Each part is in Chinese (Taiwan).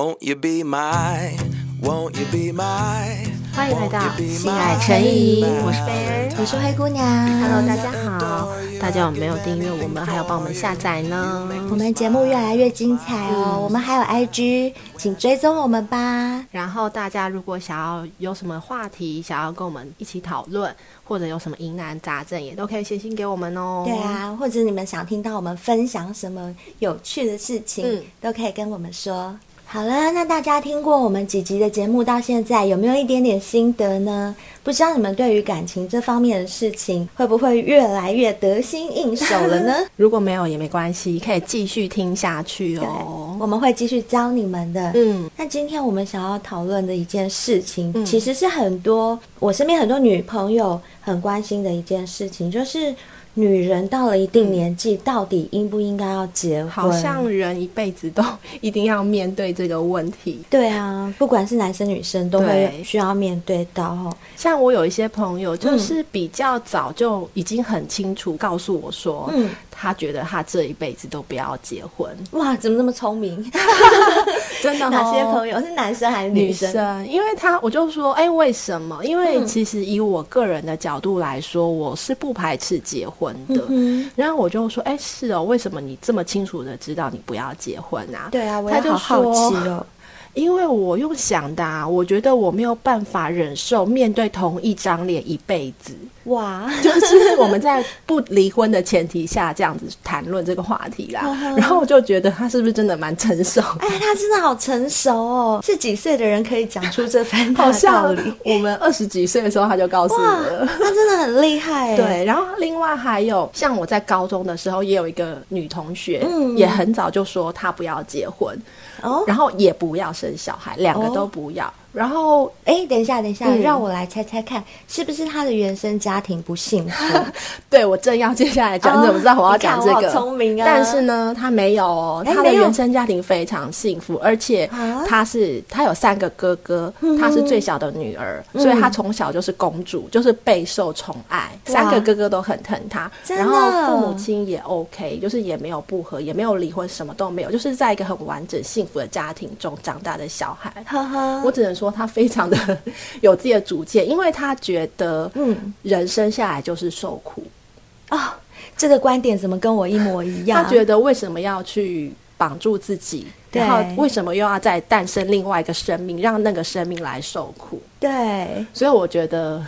歡迎來到新愛陳怡，my, my, my, my, my, 我是貝兒，我 是灰姑娘。 Hello，大家好！大家有沒有訂閱我們？ 還有幫我們下載呢？我們節目越來越精彩哦！嗯、我們還有 IG，請追蹤我們吧。然後大家如果想要有什麼話題，想要跟我們一起討論，或者有什麼疑難雜症，也都可以寫信給我們哦。對啊，或者你們想聽到我們分享什麼有趣的事情，嗯、都可以跟我們說。好了，那大家聽過我們幾集的節目到現在，有沒有一點點心得呢？不知道你們對於感情這方面的事情，會不會越來越得心應手了呢？如果沒有也沒關係，可以繼續聽下去哦。我們會繼續教你們的。嗯，那今天我們想要討論的一件事情，嗯、其實是很多我身邊很多女朋友很關心的一件事情，就是。女人到了一定年紀，嗯、到底應不應該要結婚？好像人一輩子都一定要面對這個問題。對啊，不管是男生女生，都會需要面對到。對，像我有一些朋友，就是比較早就已經很清楚告訴我說，嗯、他覺得他這一輩子都不要結婚。嗯、哇，怎麼那麼聰明？ 真的、哦？哪些朋友是男生還是女生？女生。因為他，我就說，哎、欸，為什麼？因為其實以我個人的角度來說，我是不排斥結婚。嗯，然後我就說，哎，是哦，為什麼你這麼清楚的知道你不要結婚啊？對啊，我也好好奇哦。 因為我又想的、啊，我覺得我沒有辦法忍受面對同一張臉一輩子哇！ 就是我們在不離婚的前提下，這樣子談論這個話題啦。呵呵然後我就覺得他是不是真的蠻成熟？哎、欸，他真的好成熟哦！是幾歲的人可以講出這番 好像我們二十幾歲的時候他就告訴我了，他真的很厲害。對，然後另外還有像我在高中的時候也有一個女同學，嗯、也很早就說她不要結婚，哦、然後也不要。生小孩，兩個都不要。哦。然後，哎，等一下，等一下，讓我來猜猜看，是不是他的原生家庭不幸福？對，我正要接下來講的，我不知道我要講這個。聰明啊！但是呢，他沒有哦，他的原生家庭非常幸福，而且他是他有三個哥哥，他是最小的女兒，所以他從小就是公主，就是備受寵愛。三個哥哥都很疼他，然後父母親也 OK，就是也沒有不和，也沒有離婚，什麼都沒有，就是在一個很完整幸福的家庭中長大的小孩。呵呵，我只能說。說他非常的有自己的主見，因為他覺得，嗯，人生下來就是受苦啊，嗯，哦，這個觀點怎麼跟我一模一樣？他覺得為什麼要去綁住自己，然後為什麼又要再誕生另外一個生命，讓那個生命來受苦？對，所以我覺得。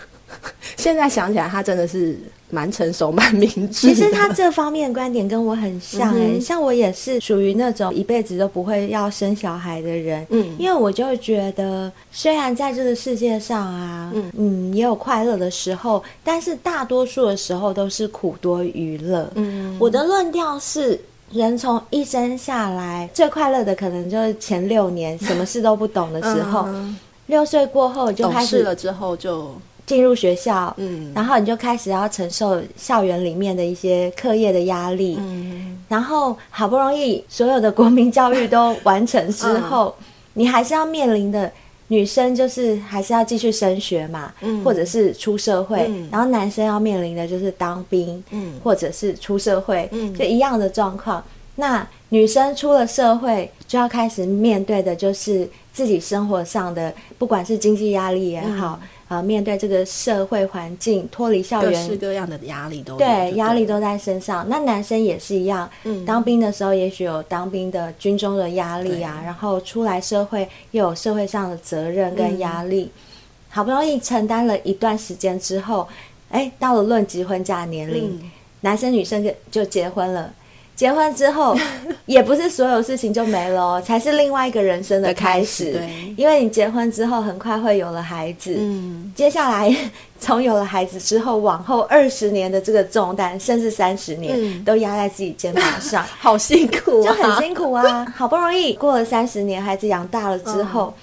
現在想起來，他真的是蠻成熟、蠻明智。其實他這方面的觀點跟我很像哎、嗯哼，像我也是屬於那種一輩子都不會要生小孩的人。嗯，因為我就覺得，雖然在這個世界上啊，嗯，嗯，也有快樂的時候，但是大多數的時候都是苦多於樂。嗯，我的論調是，人從一生下來最快樂的可能就是前六年，什麼事都不懂的時候。 嗯、哼六歲過後就開始懂事了，之後就。進入學校，嗯，然後你就開始要承受校園裡面的一些課業的壓力，嗯，然後好不容易所有的國民教育都完成之後，嗯，你還是要面臨的女生就是還是要繼續升學嘛，嗯，或者是出社會，嗯，然後男生要面臨的就是當兵，嗯，或者是出社會，就一樣的狀況。嗯，那女生出了社會，就要開始面對的就是自己生活上的，不管是經濟壓力也好。嗯呃，面對這個社會環境，脫離校園各式各樣的壓力都對，對，壓力都在身上。那男生也是一樣，嗯，當兵的時候也許有當兵的軍中的壓力啊，對然後出來社會又有社會上的責任跟壓力，嗯、好不容易承擔了一段時間之後，哎、欸，到了論及婚嫁的年齡，嗯、男生女生就就結婚了。結婚之後， 也不是所有事情就沒了，喔，才是另外一個人生的開始。開始對，因為你結婚之後，很快會有了孩子。嗯，接下來從有了孩子之後，往後二十年的這個重擔，甚至三十年，嗯、都壓在自己肩膀上， 好辛苦，啊，就很辛苦啊。好不容易 過了三十年，孩子養大了之後，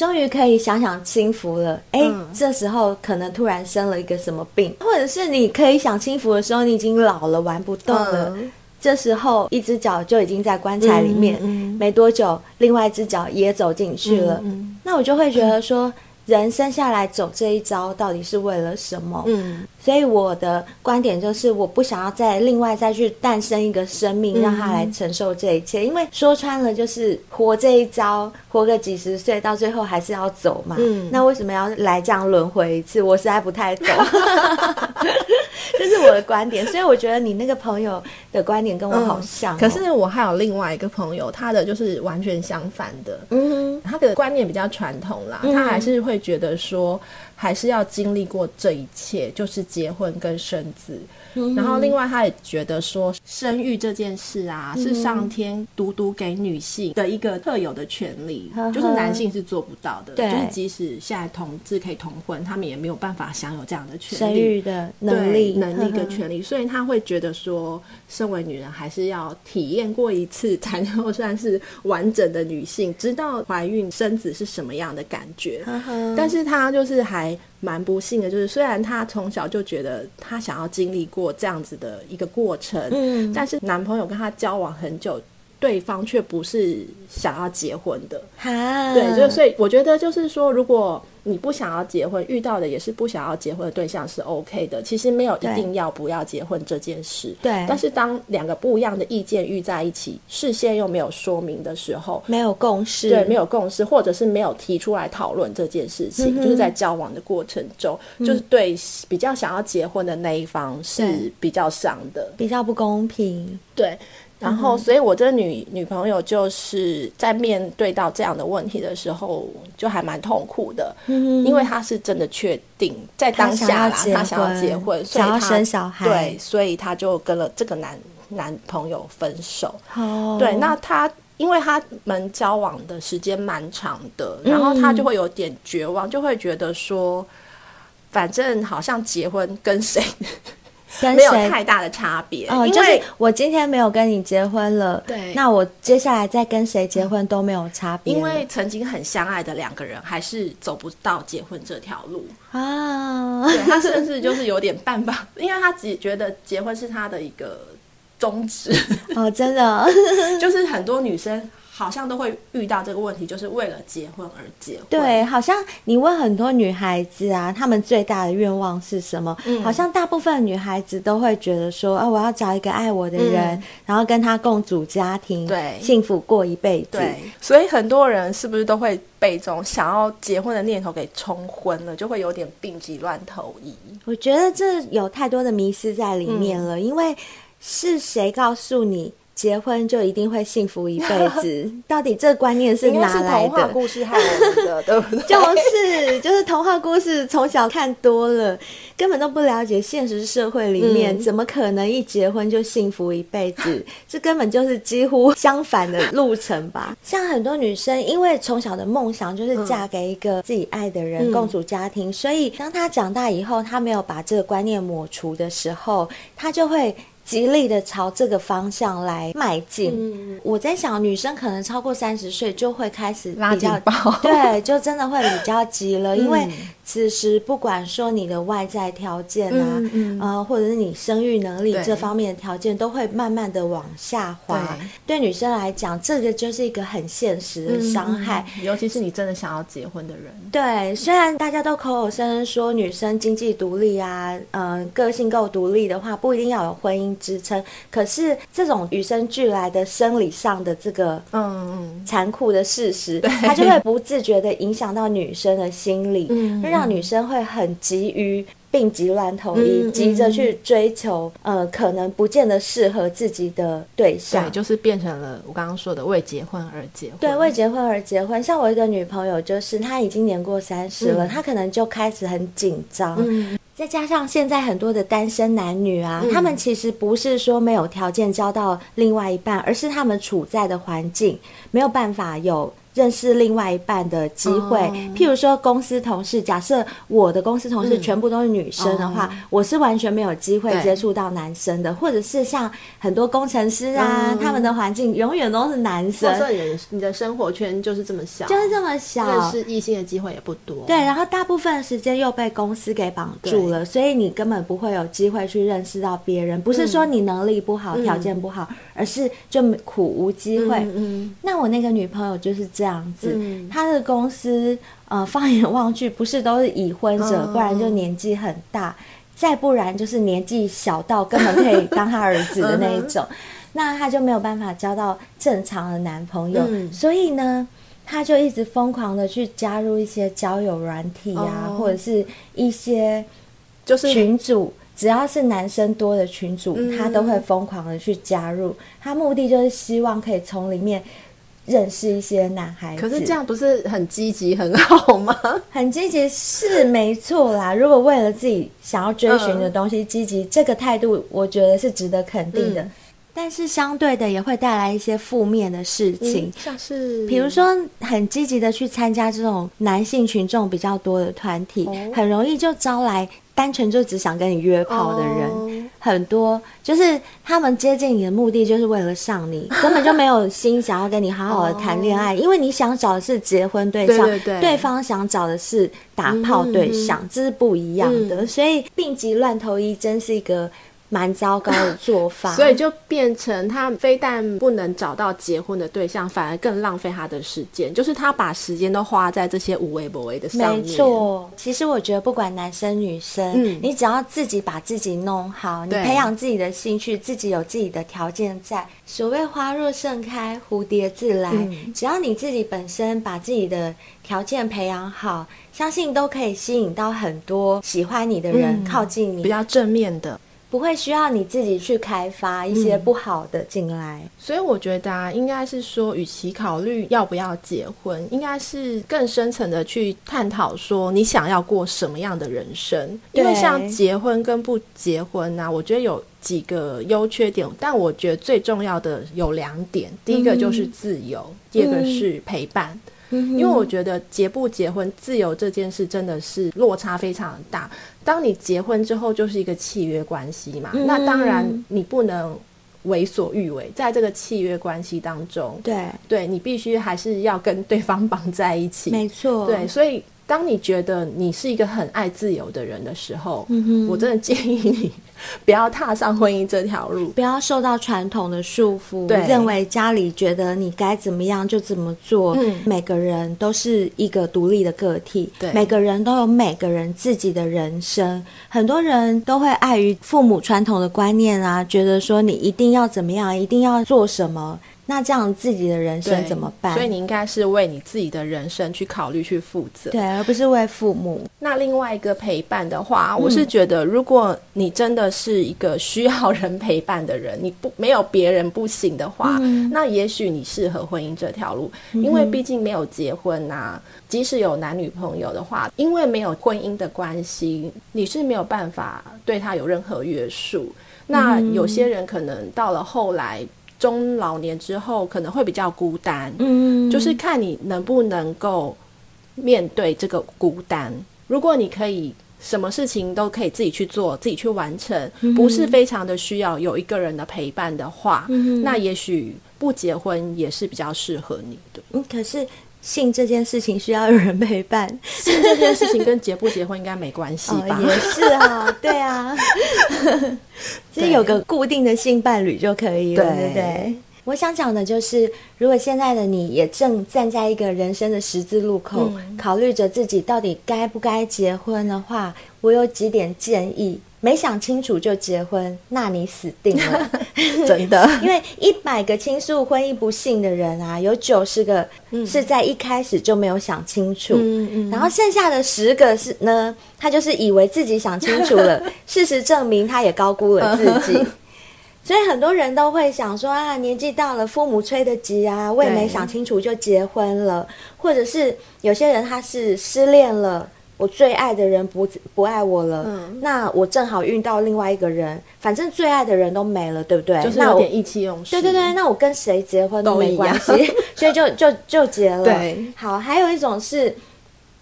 嗯、終於可以享享清福了。哎、欸，嗯、這時候可能突然生了一個什麼病，或者是你可以享清福的時候，你已經老了，玩不動了。嗯這時候，一隻腳就已經在棺材裡面，嗯嗯、沒多久，另外一隻腳也走進去了。嗯嗯、那我就會覺得說，嗯、人生下來走這一遭，到底是為了什麼？嗯嗯所以我的觀點就是，我不想要再另外再去誕生一個生命，讓他來承受這一切。嗯、因為說穿了，就是活這一遭，活個幾十歲，到最後還是要走嘛。嗯、那為什麼要來這樣輪回一次？我實在不太懂。 這是我的觀點，所以我覺得你那個朋友的觀點跟我好像、哦嗯。可是我還有另外一個朋友，他的就是完全相反的。嗯哼，他的觀念比較傳統啦，嗯、哼他還是會覺得說。還是要經歷過這一切，就是結婚跟生子。然後，另外，她也覺得說，生育這件事啊，嗯、是上天獨獨給女性的一個特有的權利，呵呵就是男性是做不到的，對就是即使現在同志可以同婚，他們也沒有辦法享有這樣的權利。生育的能力、對呵呵能力跟權利，所以她會覺得說，身為女人還是要體驗過一次，才能夠算是完整的女性，知道懷孕、生子是什麼樣的感覺。呵呵但是她就是還。蠻不幸的，就是雖然他從小就覺得他想要經歷過這樣子的一個過程，嗯，但是男朋友跟他交往很久。對方卻不是想要結婚的，啊、對，就所以我覺得就是說，如果你不想要結婚，遇到的也是不想要結婚的對象是 OK 的。其實沒有一定要不要結婚這件事，對。但是當兩個不一樣的意見遇在一起，事先又沒有說明的時候，沒有共識，對，沒有共識，或者是沒有提出來討論這件事情，嗯、哼就是在交往的過程中，嗯、就是對比較想要結婚的那一方是比較傷的，比較不公平，對。然後，所以我這個女女朋友就是在面對到這樣的問題的時候，就還蠻痛苦的，嗯，因為他是真的確定在當下啦，他想要結婚，想要結婚，想要生小孩，對，所以她就跟了這個男男朋友分手。Oh. 對，那他因為他們交往的時間蠻長的，然後他就會有點絕望，嗯，就會覺得說，反正好像結婚跟誰。沒有太大的差別，哦，因為我今天沒有跟你結婚了，對，那我接下來再跟誰結婚都沒有差別，嗯。因為曾經很相愛的兩個人，還是走不到結婚這條路啊，對，他甚至就是有點半暴， 因為他自己覺得結婚是他的一個宗旨哦，真的，哦， 就是很多女生。好像都會遇到這個問題，就是為了結婚而結婚。對，好像你問很多女孩子啊，她們最大的願望是什麼？嗯，好像大部分女孩子都會覺得說、啊、我要找一個愛我的人，嗯、然後跟他共組家庭，對，幸福過一輩子。對，所以很多人是不是都會被這種想要結婚的念頭給沖昏了，就會有點病急亂投醫？我覺得這有太多的迷思在裡面了，嗯、因為是誰告訴你？結婚就一定會幸福一輩子？ 到底這觀念是哪來的？是就是童話故事害的，對不對？就是就是童話故事，從小看多了，根本都不了解現實社會裡面，嗯、怎麼可能一結婚就幸福一輩子？ 這根本就是幾乎相反的路程吧？ 像很多女生，因為從小的夢想就是嫁給一個自己愛的人，共組家庭，嗯、所以當她長大以後，她沒有把這個觀念抹除的時候，她就會。極力的朝這個方向來邁進。我在想，女生可能超過三十歲就會開始比較，對，就真的會比較急了。因為此時，不管說你的外在條件啊，呃，或者是你生育能力這方面的條件，都會慢慢的往下滑。對女生來講，這個就是一個很現實的傷害，尤其是你真的想要結婚的人。對，雖然大家都口口聲聲說女生經濟獨立啊，嗯，個性夠獨立的話，不一定要有婚姻。支撐，可是這種與生俱來的生理上的這個嗯殘酷的事實，嗯、它就會不自覺的影響到女生的心理，嗯、讓女生會很急於病急亂投醫，嗯、急着去追求、嗯、呃可能不見得適合自己的對象，對就是變成了我剛剛說的為結婚而結婚，對，為結婚而結婚。像我一個女朋友，就是她已經年過三十了，嗯、她可能就開始很緊張。嗯再加上現在很多的單身男女啊，嗯，他們其實不是說沒有條件交到另外一半，而是他們處在的環境沒有辦法有。認識另外一半的機會，oh. 譬如說公司同事，假設我的公司同事全部都是女生的話，mm. oh. 我是完全沒有機會接觸到男生的，對或者是像很多工程師啊，mm. 他們的環境永遠都是男生。或者你你的生活圈就是這麼小，就是這麼小，認識異性的機會也不多。對，然後大部分的時間又被公司給綁住了，對所以你根本不會有機會去認識到別人。不是說你能力不好、條、mm. 件不好，而是就苦無機會。嗯、mm，hmm. 那我那個女朋友就是這樣。這樣子，嗯、他的公司呃，放眼望去，不是都是已婚者，嗯、不然就年紀很大，再不然就是年紀小到根本可以當他兒子的那一種， 嗯、那他就沒有辦法交到正常的男朋友，嗯、所以呢，他就一直瘋狂的去加入一些交友軟體啊，嗯、或者是一些就是群組，就是、只要是男生多的群組，嗯、他都會瘋狂的去加入，他目的就是希望可以從裡面。認識一些男孩子，可是這樣不是很積極很好嗎？很積極是沒錯啦。嗯、如果為了自己想要追尋的東西積極、嗯，這個態度我覺得是值得肯定的。嗯、但是相對的也會帶來一些負面的事情，像是比如說很積極的去參加這種男性群眾比較多的團體，哦、很容易就招來單純就只想跟你約炮的人。哦很多就是他們接近你的目的，就是為了上你，根本就沒有心想要跟你好好的談戀愛， 哦、因為你想找的是結婚對象，對,對,對,對方想找的是打炮對象，嗯嗯嗯這是不一樣的。所以病急亂投醫，真是一個。蠻糟糕的做法， 所以就變成他非但不能找到結婚的對象，反而更浪費他的時間。就是他把時間都花在這些無謂、無謂的上面。沒錯，其實我覺得不管男生女生，嗯、你只要自己把自己弄好，你培養自己的興趣，對自己有自己的條件在。所謂花若盛開，蝴蝶自來。嗯、只要你自己本身把自己的條件培養好，相信都可以吸引到很多喜歡你的人靠近你。嗯、比較正面的。不會需要你自己去開發一些不好的進來，嗯、所以我覺得、啊、應該是說，與其考慮要不要結婚，應該是更深層的去探討說你想要過什麼樣的人生。對因為像結婚跟不結婚呢、啊，我覺得有幾個優缺點，但我覺得最重要的有兩點：第一個就是自由，嗯、哼第二個是陪伴。嗯、哼因為我覺得結不結婚，自由這件事真的是落差非常的大。當你結婚之後，就是一個契約關係嘛，嗯、那當然你不能為所欲為，在這個契約關係當中，對對，你必須還是要跟對方綁在一起，沒錯，對，所以。當你覺得你是一個很愛自由的人的時候，嗯、哼我真的建議你不要踏上婚姻這條路，不要受到傳統的束縛。對認為家裡覺得你該怎麼樣就怎麼做。嗯，每個人都是一個獨立的個體。對每個人都有每個人自己的人生。很多人都會礙於父母傳統的觀念啊，覺得說你一定要怎麼樣，一定要做什麼。那這樣自己的人生怎麼辦？所以你應該是為你自己的人生去考慮、去負責，對，而不是為父母。那另外一個陪伴的話，嗯、我是覺得，如果你真的是一個需要人陪伴的人，你不沒有別人不行的話，嗯、那也許你適合婚姻這條路，嗯、因為畢竟沒有結婚啊。即使有男女朋友的話，因為沒有婚姻的關係，你是沒有辦法對他有任何約束。那有些人可能到了後來。中老年之後可能會比較孤單，嗯，就是看你能不能夠面對這個孤單。如果你可以什麼事情都可以自己去做，自己去完成，嗯，不是非常的需要有一個人的陪伴的話，嗯，那也許不結婚也是比較適合你的。嗯，可是，性這件事情需要有人陪伴， 性這件事情跟結不結婚應該沒關係吧， 哦，也是啊，對啊， 其實有個固定的性伴侶就可以了。對對對，我想講的就是，如果現在的你也正站在一個人生的十字路口，嗯、考慮着自己到底該不該結婚的話，我有幾點建議。沒想清楚就結婚，那你死定了， 真的。因為一百個傾訴婚姻不幸的人啊，有九十個是在一開始就沒有想清楚，嗯、然後剩下的十個是呢，他就是以為自己想清楚了， 事實證明他也高估了自己。 所以很多人都會想說啊，年紀到了，父母催得急啊，我也沒想清楚就結婚了，對或者是有些人他是失戀了。我最愛的人不不愛我了，嗯、那我正好遇到另外一個人，反正最愛的人都沒了，對不對？就是有點意氣用事。對對對，那我跟誰結婚都沒關係，都一樣。 所以就就就結了。對，好，還有一種是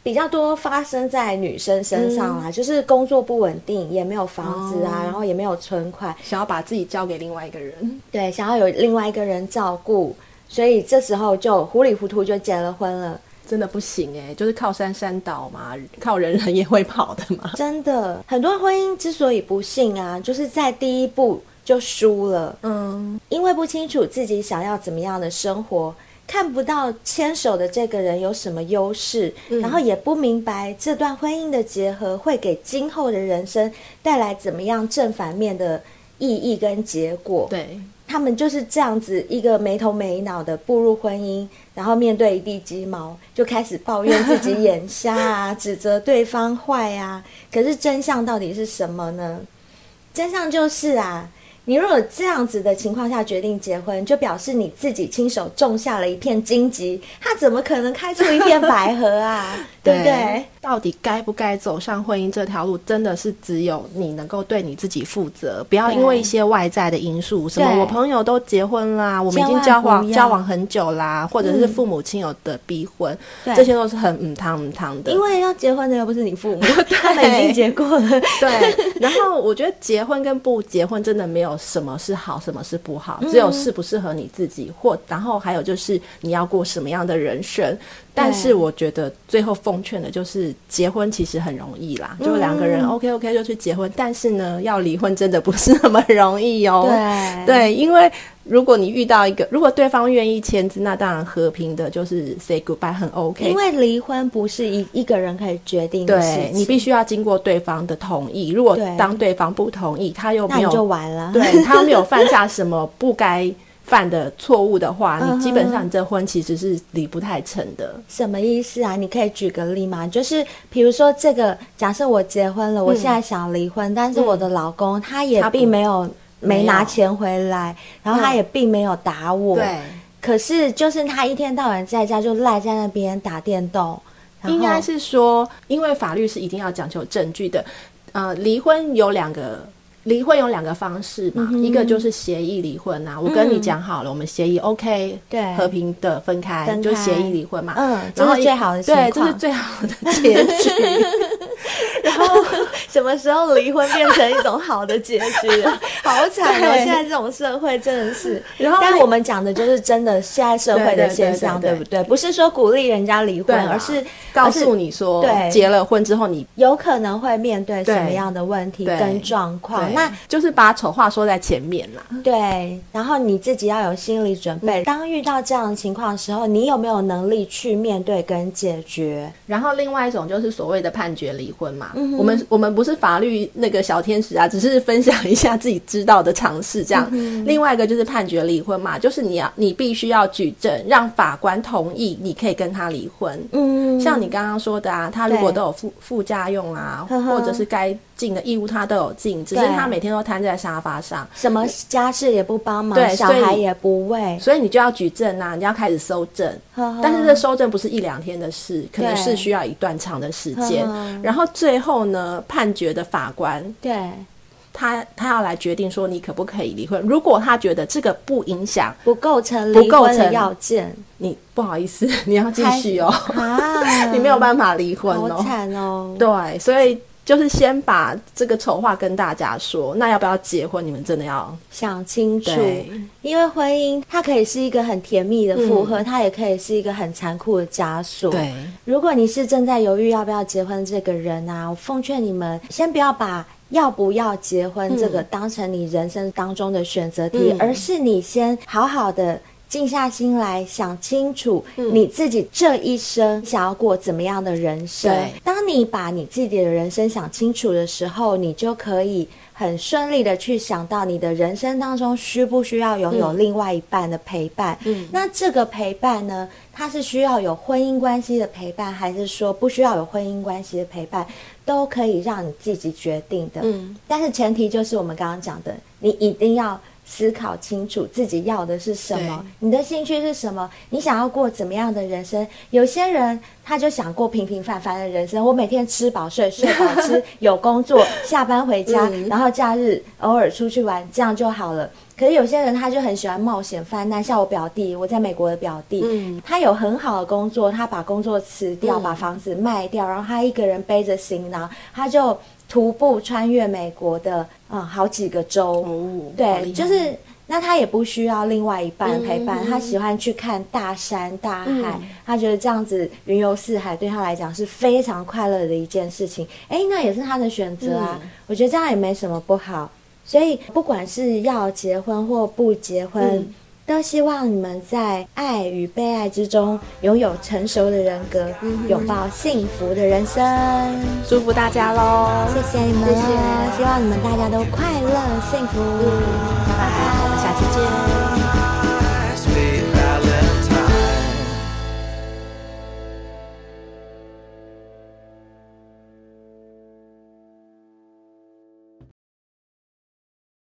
比較多發生在女生身上啦，嗯、就是工作不穩定，也沒有房子啊，哦、然後也沒有存款，想要把自己交給另外一個人，對，想要有另外一個人照顧，所以這時候就糊裡糊塗就結了婚了。真的不行欸，就是靠山山倒嘛，靠人人也會跑的嘛。真的，很多婚姻之所以不幸啊，就是在第一步就輸了。嗯，因為不清楚自己想要怎麼樣的生活，看不到牽手的這個人有什麼優勢，嗯、然後也不明白這段婚姻的結合會給今後的人生帶來怎麼樣正反面的意義跟結果。對。他們就是這樣子一個沒頭沒腦的步入婚姻，然後面對一地雞毛，就開始抱怨自己眼瞎啊， 指責對方壞啊。可是真相到底是什麼呢？真相就是啊。你如果這樣子的情況下決定結婚，就表示你自己親手種下了一片荊棘，他怎麼可能開出一片百合啊？ 對不對？對，到底該不該走上婚姻這條路，真的是只有你能夠對你自己負責，不要因為一些外在的因素對什麼。我朋友都結婚啦，對我們已經交往交往很久啦，或者是父母親友的逼婚，嗯、這些都是很唔堂唔堂的。因為要結婚的又不是你父母， 對他們已經結過了。對。然後我覺得結婚跟不結婚真的沒有。什麼是好，什麼是不好，只有適不適合你自己。嗯、或然後還有就是你要過什麼樣的人生。對但是我覺得最後奉勸的就是，結婚其實很容易啦，就兩個人 OK OK 就去結婚。嗯、但是呢，要離婚真的不是那麼容易哦。對，對，因為。如果你遇到一個，如果對方願意簽字，那當然和平的就是 say goodbye 很 OK。因為離婚不是一一個人可以決定的事，對，你必須要經過對方的同意。如果當對方不同意，對他又沒有就完了。對， 他沒有犯下什麼不該犯的錯誤的話， 你基本上你這婚其實是離不太成的。什麼意思啊？你可以舉個例嗎？就是比如說這個，假設我結婚了，嗯，我現在想離婚，但是我的老公他也他並沒有。沒拿錢回來，有然後他也並沒有打我，對。可是就是他一天到晚在家就賴在那邊打電動，應該是說，因為法律是一定要講求證據的。呃，離婚有兩個，離婚有兩個方式嘛，嗯、哼一個就是協議離婚啊，嗯、我跟你講好了，我們協議 OK，對，和平的分開，分開就協議離婚嘛，嗯，然後，這是最好的情況。對，這是最好的結局。 什麼時候離婚變成一種好的結局啊？好慘哦！現在這種社會真的是。然後但我們講的就是真的現在社會的現象，對不對？不是說鼓勵人家離婚，而是告訴你說，對，結了婚之後你有可能會面對什麼樣的問題跟狀況。那就是把醜話說在前面啦。對，然後你自己要有心理準備，當遇到這樣的情況的時候，你有沒有能力去面對跟解決？然後另外一種就是所謂的判決離婚嘛。我們我們不。不是法律那個小天使啊，只是分享一下自己知道的常識這樣。嗯、哼另外一個就是判決離婚嘛，就是你要你必須要舉證，讓法官同意你可以跟他離婚。嗯，像你剛剛說的啊，他如果都有付付對家用啊，呵呵或者是該。進的義務他都有盡，只是他每天都癱在沙發上，什麼家事也不幫忙，小孩也不餵，所以你就要舉證啊，你要開始蒐證，但是這蒐證不是一兩天的事，可能是需要一段長的時間。然後最後呢，判決的法官對他他要來決定說你可不可以離婚。如果他覺得這個不影響、不構成、不構成離婚的要件，你不好意思，你要繼續哦，啊，你沒有辦法離婚哦，慘哦，對，所以。就是先把這個醜話跟大家說，那要不要結婚？你們真的要想清楚，對因為婚姻它可以是一個很甜蜜的負荷，嗯、它也可以是一個很殘酷的枷鎖。對，如果你是正在猶豫要不要結婚這個人啊，我奉勸你們先不要把要不要結婚這個當成你人生當中的選擇題，嗯、而是你先好好的。靜下心來想清楚你自己這一生想要過怎麼樣的人生。嗯，對，當你把你自己的人生想清楚的時候，你就可以很順利的去想到你的人生當中需不需要擁有另外一半的陪伴。嗯，嗯，那這個陪伴呢，它是需要有婚姻關係的陪伴，還是說不需要有婚姻關係的陪伴，都可以讓你自己決定的。嗯，但是前提就是我們剛剛講的，你一定要。思考清楚自己要的是什麼，對你的興趣是什麼，你想要過怎麼樣的人生？有些人他就想過平平凡凡的人生，我每天吃飽睡，睡飽吃， 有工作，下班回家， 嗯、然後假日偶爾出去玩，這樣就好了。可是有些人他就很喜歡冒險犯難，像我表弟，我在美國的表弟，嗯、他有很好的工作，他把工作辭掉，嗯、把房子賣掉，然後他一個人背着行囊，他就。徒步穿越美國的啊、嗯、好幾個州，oh, 對，哦、就是那他也不需要另外一半陪伴，mm hmm. 他喜歡去看大山大海，mm hmm. 他覺得這樣子雲遊四海對他來講是非常快樂的一件事情。誒、欸，那也是他的選擇啊，mm hmm. 我覺得這樣也沒什麼不好。所以不管是要結婚或不結婚。Mm hmm. 都希望你們在愛與被愛之中擁有成熟的人格，擁、嗯嗯、抱幸福的人生。祝福大家嘍！謝謝你們，謝謝。希望你們大家都快樂、嗯、幸福。拜拜，拜拜我們下期見。拜拜。